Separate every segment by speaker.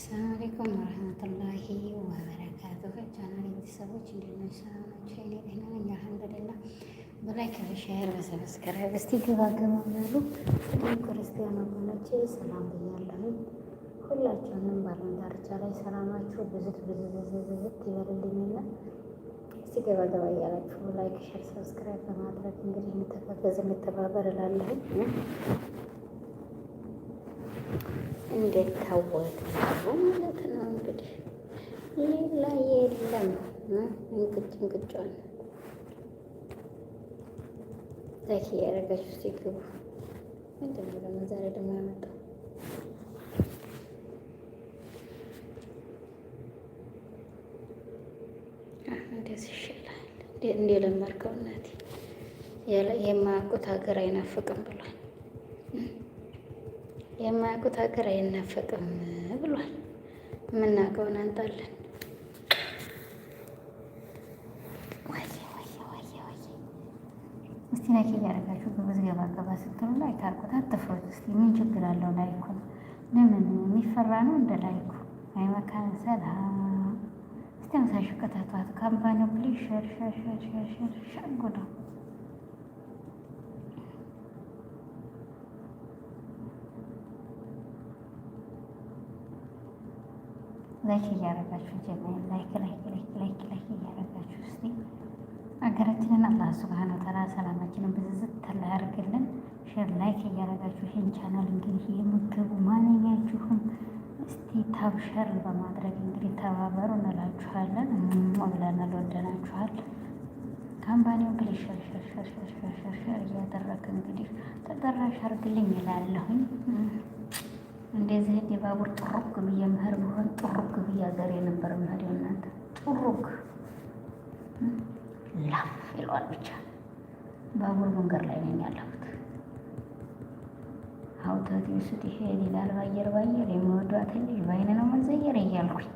Speaker 1: ሰላም አለይኩም ወረህመቱላሂ ወበረካቱሁ። ቻናል ቤተሰቦች እንዴት ናችሁ? እኔ ጤና ነኝ አልሐምዱሊላህ። በላይክ በሼር በሰብስክራይብ እስቲ ገባገባ ያሉ ክርስቲያን ወገኖቼ ሰላም ብያለሁ። ሁላችሁንም ባለም ዳርቻ ላይ ሰላማችሁ ብዝት ብዝዝዝዝት ይበልልኝና እስቲ ገባገባ እያላችሁ ላይክ ሼር ሰብስክራይብ በማድረግ እንግዲህ እንተጋገዝ እንተባበር እላለሁ። እንደታወቀ ነው ማለት ነው። እንግዲህ ሌላ የለም። እንግጭ እንግጫን ላይክ ሲግቡ ሲገቡ ምንድነው ደግሞ ዛሬ ደግሞ ያመጣው እንደዚህ ይሻላል። እናቴ የማያውቁት ሀገር አይናፍቅም ብሏል። የማያውቁት ሀገር አይናፈቅም ብሏል። የምናውቀውን አንጣለን። እስቲ እያደረጋችሁ ግብዝ ገባ ገባ ስትሉ ላይክ አትፍሩት። ምን ችግር አለው? ላይኩ ለምን የሚፈራ ነው? እንደ ላይኩ ሰላም። እስቲ መሳሽ ከታቷት ካምፓኒ ላይክ እያረጋችሁ ጀመር ላይክ ላይክ ላይክ ላይክ ላይክ እያረጋችሁ እስቲ ሀገራችንን አላህ ስብሃነ ወተዓላ ሰላማችንን ብዝዝት ተላ ያርግልን። ሼር ላይክ እያረጋችሁ ይህን ቻናል እንግዲህ የምትገቡ ማንኛችሁም እስቲ ታብ ሸር በማድረግ እንግዲህ ተባበሩ እንላችኋለን። ወብለናል ወደናችኋል። ካምፓኒው እንግዲህ ሸር ሸር ሸር ሸር ሸር ሸር እያደረግ እንግዲህ ተጠራሽ አርግልኝ ይላለሁኝ። እንደዚህ የባቡር ጥሩክ ብዬ ምህር ብሆን ጥሩክ ብዬ ሀገር የነበር ምሄደው እናንተ ጥሩክ ላፍ ይለዋል ብቻ ባቡር መንገድ ላይ ነኝ ያለሁት። አውቶት ይስት ይሄድ ይላል ባየር ባየር የመወዷት ልጅ በአይነ ነው መዘየር እያልኩኝ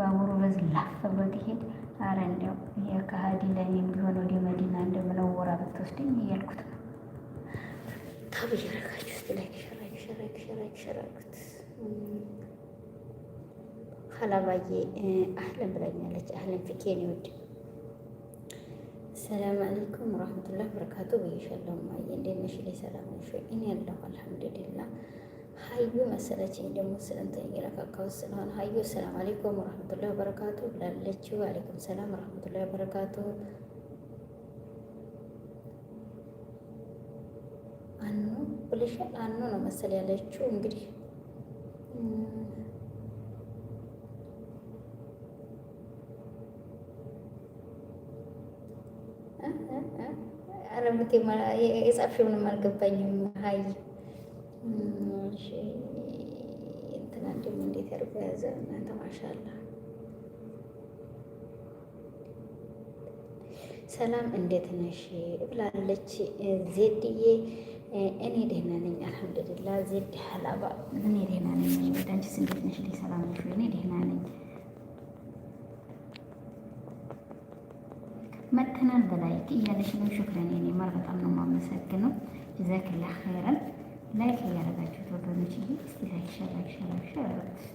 Speaker 1: ባቡሩ በዝ ላፍ ብሎት ይሄድ። አረ እንዲያው የካሃዲ ለኔ ቢሆን ወደ መዲና እንደምነወራ ብትወስደኝ እያልኩት ነው ታብ እያረጋችሁ ስ ላይ አንሸራሸራችሁት ሀላባዬ አህለን ብላኛለች። አህለን ፍኬን ይወድ ሰላም አለይኩም ረህመቱላህ በረካቱ ብይሻለሁ። ማየ እንዴት ነሽ? ላይ ሰላም ነሽ? እኔ ያለሁ አልሐምዱሊላህ። ሀዩ መሰለችኝ ደግሞ ስለእንትን እየረካካው ስለሆነ ሀዩ ሰላም አለይኩም ረህመቱላህ በረካቱ ብላለችው። አለይኩም ሰላም ረህመቱላህ በረካቱ ብልሽ ነው መሰል ያለችው እንግዲህ አረምቴ አልገባኝም። ሀይ እንትና እንዴት ያርጎ ያዘ እናንተ ማሻላ ሰላም እንዴት ነሽ ብላለች ዜድዬ። እኔ ደህና ነኝ አልሐምዱሊላ። ዜድ ሀላባ እኔ ደህና ነኝ። ወዳንችስ እንዴት ነሽ? ሰላም ነሽ? እኔ ደህና ነኝ። መተናል በላይክ እያለሽ ነው። ሹክረን የኔ ማር በጣም ነው የማመሰግነው። ጀዛክላ ኸይረን ላይክ እያደረጋችሁ ተወገኖች ይ እስቲ ላይክ ሸር ላይክ ሸር ላይክ ሸር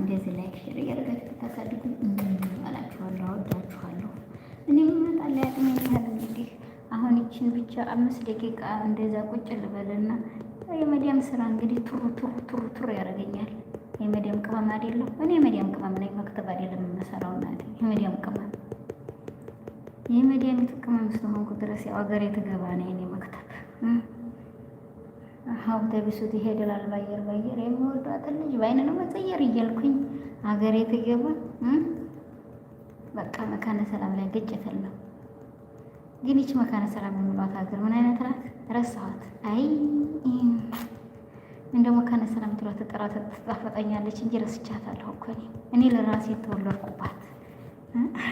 Speaker 1: እንደዚህ ላይክ ሸር እያደረጋችሁ ታሳድጉ ሁላችን ብቻ አምስት ደቂቃ እንደዛ ቁጭ ልበልና የመዲያም ስራ እንግዲህ ቱሩ ቱሩ ቱሩ ቱሩ ያደርገኛል። የመዲያም ቅመም አይደለም እኔ የመዲያም ቅመም ነኝ። መክተብ አይደለም የምሰራው እናቴ የመዲያም ቅመም የመዲያም ቅመም ስለሆንኩ ድረስ ያው ሀገሬ ትገባ ነው የኔ መክተብ ሀው ተቢሱት ይሄድላል ባየር ባየር የምወዷትን ልጅ በአይን ነው መጸየር እያልኩኝ ሀገሬ ትገባ በቃ መካነ ሰላም ላይ ግጭት ነው። ግን ይች መካነ ሰላም የሚሏት ሀገር ምን አይነት ናት? ረሳኋት። አይ እንደ መካነ ሰላም ትሏ ተጠራ ትጣፈጠኛለች እንጂ ረስቻታለሁ እኮ እኔ እኔ ለራሴ ተወለድኩባት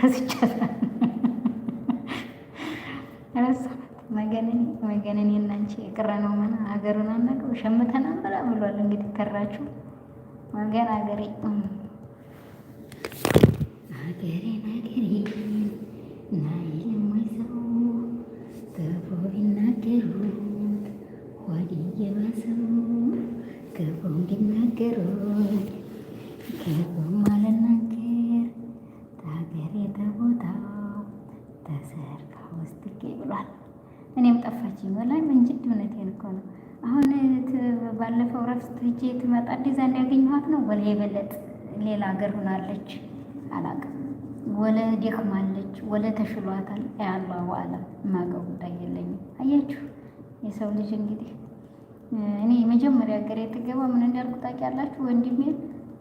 Speaker 1: ረስቻታለሁ። ረሳኋት። መገነኔ መገነኔ እናንቺ የቅረ ነው ምን ሀገሩን አናውቅም ሸምተና ብላ ብሏል። እንግዲህ ተራችሁ መገን ሀገሬ ሀገሬ ሀገሬ ናይልም ወይዘ ገፎ ቢናገሩት ቢናገሩት ተሰርካ ውስጥ ብሏል። እኔም በላይ እውነቴን እኮ ነው። አሁን ባለፈው ረፍት ሂጄ ትመጣ ዲዛይን ያገኘኋት ነው ወላ የበለጥ ሌላ ሀገር ሆናለች አላውቅም። ወለ ደክማለች፣ ወለ ተሽሏታል። ያላ ዋላ ማገው ጉዳይ የለኝም። አያችሁ የሰው ልጅ እንግዲህ እኔ መጀመሪያ ሀገር የተገባ ምን እንዳልኩ ታውቂያላችሁ? ወንድሜ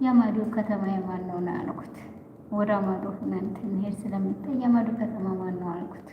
Speaker 1: የማዶ ከተማ የማን ነው አልኩት። ወደ አማዶ እናንተ እንሄድ ስለምታይ የማዶ ከተማ ማን ነው አልኩት።